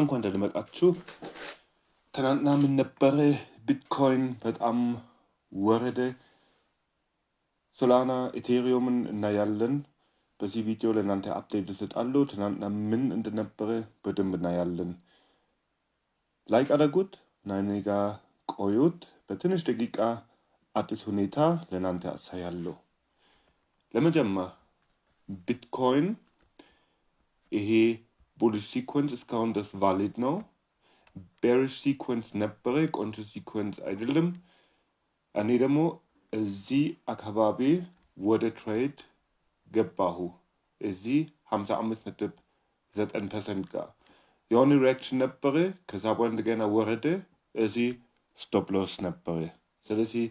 እንኳን ደህና መጣችሁ። ትናንትና ምን ነበረ? ቢትኮይን በጣም ወረደ። ሶላና፣ ኢቴሪየምን እናያለን። በዚህ ቪዲዮ ለእናንተ አፕዴት እሰጣለሁ። ትናንትና ምን እንደነበረ በደንብ እናያለን። ላይክ አድርጉት እና ቆዩት። በትንሽ ደቂቃ አዲስ ሁኔታ ለእናንተ አሳያለሁ። ለመጀመር ቢትኮይን ይሄ Bullish Sequence እስካሁን ድረስ ቫሊድ ነው። ቤሪሽ ሲኮንስ ነበረ፣ ቆንጆ ሲኮንስ አይደለም። እኔ ደግሞ እዚህ አካባቢ ወደ ትሬድ ገባሁ። እዚህ 55 ነጥብ 9 ፐርሰንት ጋር የሆነ ሪያክሽን ነበረ። ከዛ በኋላ እንደገና ወረደ። እዚህ ስቶፕ ሎስ ነበረ። ስለዚህ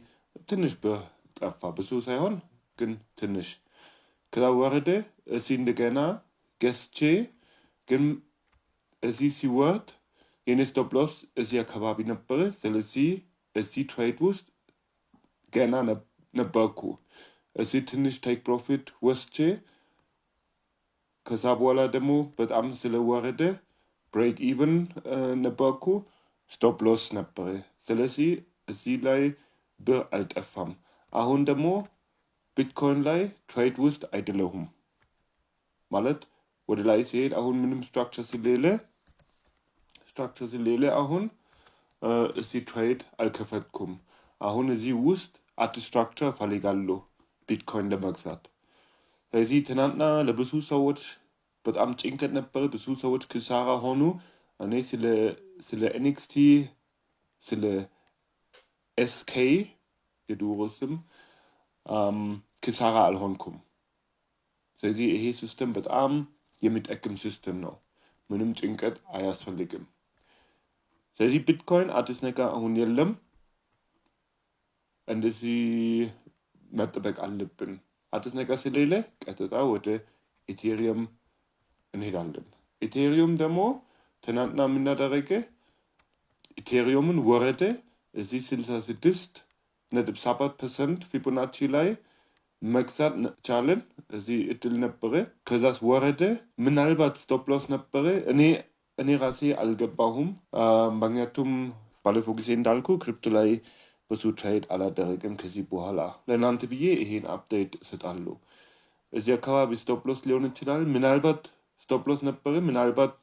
ትንሽ ብር ጠፋ፣ ብዙ ሳይሆን ግን ትንሽ። ከዛ ወረደ። እዚህ እንደገና ገዝቼ ግን እዚህ ሲወርድ የኔ ስቶፕ ሎስ እዚህ አካባቢ ነበረ። ስለዚህ እዚህ ትሬድ ውስጥ ገና ነበርኩ። እዚህ ትንሽ ቴክ ፕሮፊት ወስቼ ከዛ በኋላ ደግሞ በጣም ስለወረደ ብሬክ ኢቨን ነበርኩ። ስቶፕ ሎስ ነበረ። ስለዚህ እዚህ ላይ ብር አልጠፋም። አሁን ደግሞ ቢትኮይን ላይ ትሬድ ውስጥ አይደለሁም ማለት ወደ ላይ ሲሄድ አሁን ምንም ስትራክቸር ስለሌለ ስትራክቸር ስለሌለ አሁን እዚህ ትሬድ አልከፈትኩም። አሁን እዚህ ውስጥ አት ስትራክቸር ፈልጋለሁ ቢትኮይን ለመግዛት። ስለዚህ ትናንትና ለብዙ ሰዎች በጣም ጭንቀት ነበር። ብዙ ሰዎች ክሳራ ሆኑ። እኔ ስለ ኤንክስቲ ስለ ኤስኬ የድሮ ስም ክሳራ አልሆንኩም። ስለዚህ ይሄ ሲስተም በጣም የሚጠቅም ሲስተም ነው። ምንም ጭንቀት አያስፈልግም። ስለዚህ ቢትኮይን አዲስ ነገር አሁን የለም። እንደዚህ መጠበቅ አለብን። አዲስ ነገር ስለሌለ ቀጥታ ወደ ኢቴሪየም እንሄዳለን። ኢቴሪየም ደግሞ ትናንትና የምናደረገ ኢቴሪየምን ወረደ እዚህ ስልሳ ስድስት ነጥብ ሰባት ፐርሰንት ፊቡናቺ ላይ መግዛት ቻለን። እዚህ እድል ነበረ። ከዛስ ወረደ። ምናልባት ስቶፕሎስ ነበረ። እኔ እኔ ራሴ አልገባሁም። ምክንያቱም ባለፈው ጊዜ እንዳልኩ ክሪፕቶ ላይ ብዙ ትሬድ አላደረግም። ከዚህ በኋላ ለእናንተ ብዬ ይሄን አፕዴት እሰጣለሁ። እዚህ አካባቢ ስቶፕሎስ ሊሆን ይችላል። ምናልባት ስቶፕሎስ ነበረ። ምናልባት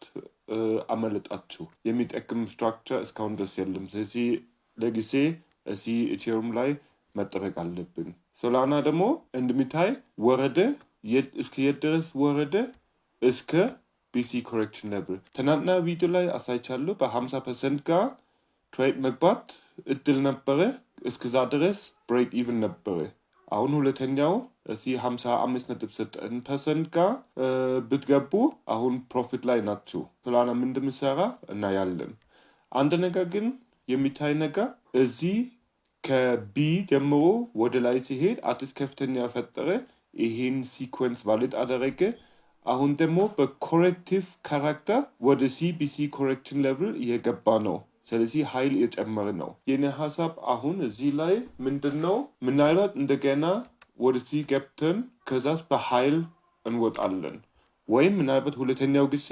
አመለጣችሁ የሚጠቅም ስትራክቸር እስካሁን ድረስ የለም። ስለዚህ ለጊዜ እዚህ ኢቴሪየም ላይ መጠበቅ አለብን። ሶላና ደግሞ እንደሚታይ ወረደ፣ እስከ የት ድረስ ወረደ? እስከ ቢሲ ኮሬክሽን ሌቭል። ትናንትና ቪዲዮ ላይ አሳይቻለሁ። በ50 ፐርሰንት ጋር ትሬድ መግባት እድል ነበረ። እስከዛ ድረስ ብሬክ ኢቭን ነበረ። አሁን ሁለተኛው እዚህ 55.9 ፐርሰንት ጋር ብትገቡ አሁን ፕሮፊት ላይ ናቸው። ሶላና ምን እናያለን። አንድ ነገር ግን የሚታይ ነገር እዚህ ከቢ ጀምሮ ወደ ላይ ሲሄድ አዲስ ከፍተኛ ፈጠረ። ይሄን ሲኮንስ ቫሊድ አደረገ። አሁን ደግሞ በኮሬክቲቭ ካራክተር ወደ ሲቢሲ ኮሬክሽን ሌቭል እየገባ ነው። ስለዚህ ኃይል እየጨመረ ነው። የኔ ሀሳብ አሁን እዚህ ላይ ምንድን ነው፣ ምናልባት እንደገና ሲ ገብተን ከዛስ በኃይል እንወጣለን ወይም ምናልባት ሁለተኛው ጊዜ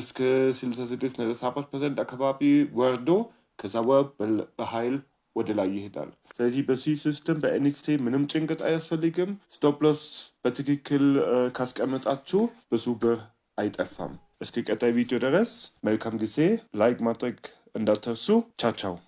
እስከ 66.7 ፐርሰንት አካባቢ ወርዶ ከዛ በኃይል ወደ ላይ ይሄዳል። ስለዚህ በዚህ ሲስተም በኤንኤክስቲ ምንም ጭንቀት አያስፈልግም። ስቶፕሎስ በትክክል ካስቀመጣችሁ ብዙ ብር አይጠፋም። እስከ ቀጣይ ቪዲዮ ድረስ መልካም ጊዜ። ላይክ ማድረግ እንዳትረሱ። ቻቻው